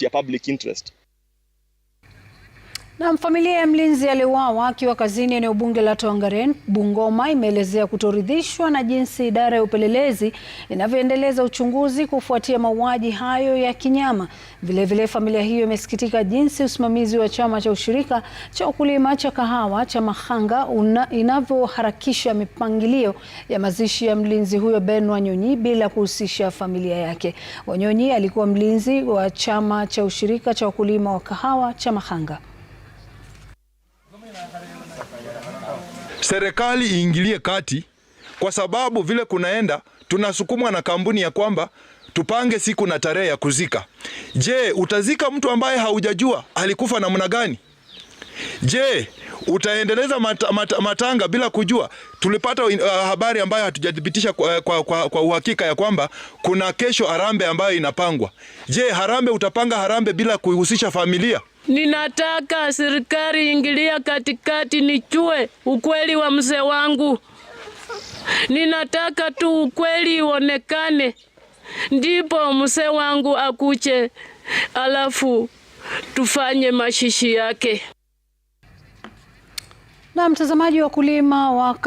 ya public interest. Na familia ya mlinzi aliyeuawa akiwa kazini eneo bunge la Tongaren, Bungoma, imeelezea kutoridhishwa na jinsi idara ya upelelezi inavyoendeleza uchunguzi kufuatia mauaji hayo ya kinyama. Vilevile vile familia hiyo imesikitika jinsi usimamizi wa chama cha ushirika cha ukulima cha kahawa cha Mahanga inavyoharakisha mipangilio ya mazishi ya mlinzi huyo Ben Wanyonyi bila kuhusisha familia yake. Wanyonyi alikuwa mlinzi wa chama cha ushirika cha wakulima wa kahawa cha Mahanga. serikali iingilie kati, kwa sababu vile kunaenda, tunasukumwa na kampuni ya kwamba tupange siku na tarehe ya kuzika. Je, utazika mtu ambaye haujajua alikufa namna gani? Je, utaendeleza mat, mat, matanga bila kujua? Tulipata uh, habari ambayo hatujathibitisha kwa, kwa, kwa, kwa uhakika ya kwamba kuna kesho harambe ambayo inapangwa. Je, harambe utapanga harambe bila kuihusisha familia? Ninataka serikali ingilia katikati, nichue ukweli wa mzee wangu. Ninataka tu ukweli uonekane, ndipo mzee wangu akuche, alafu tufanye mashishi yake. Na mtazamaji wa Kulima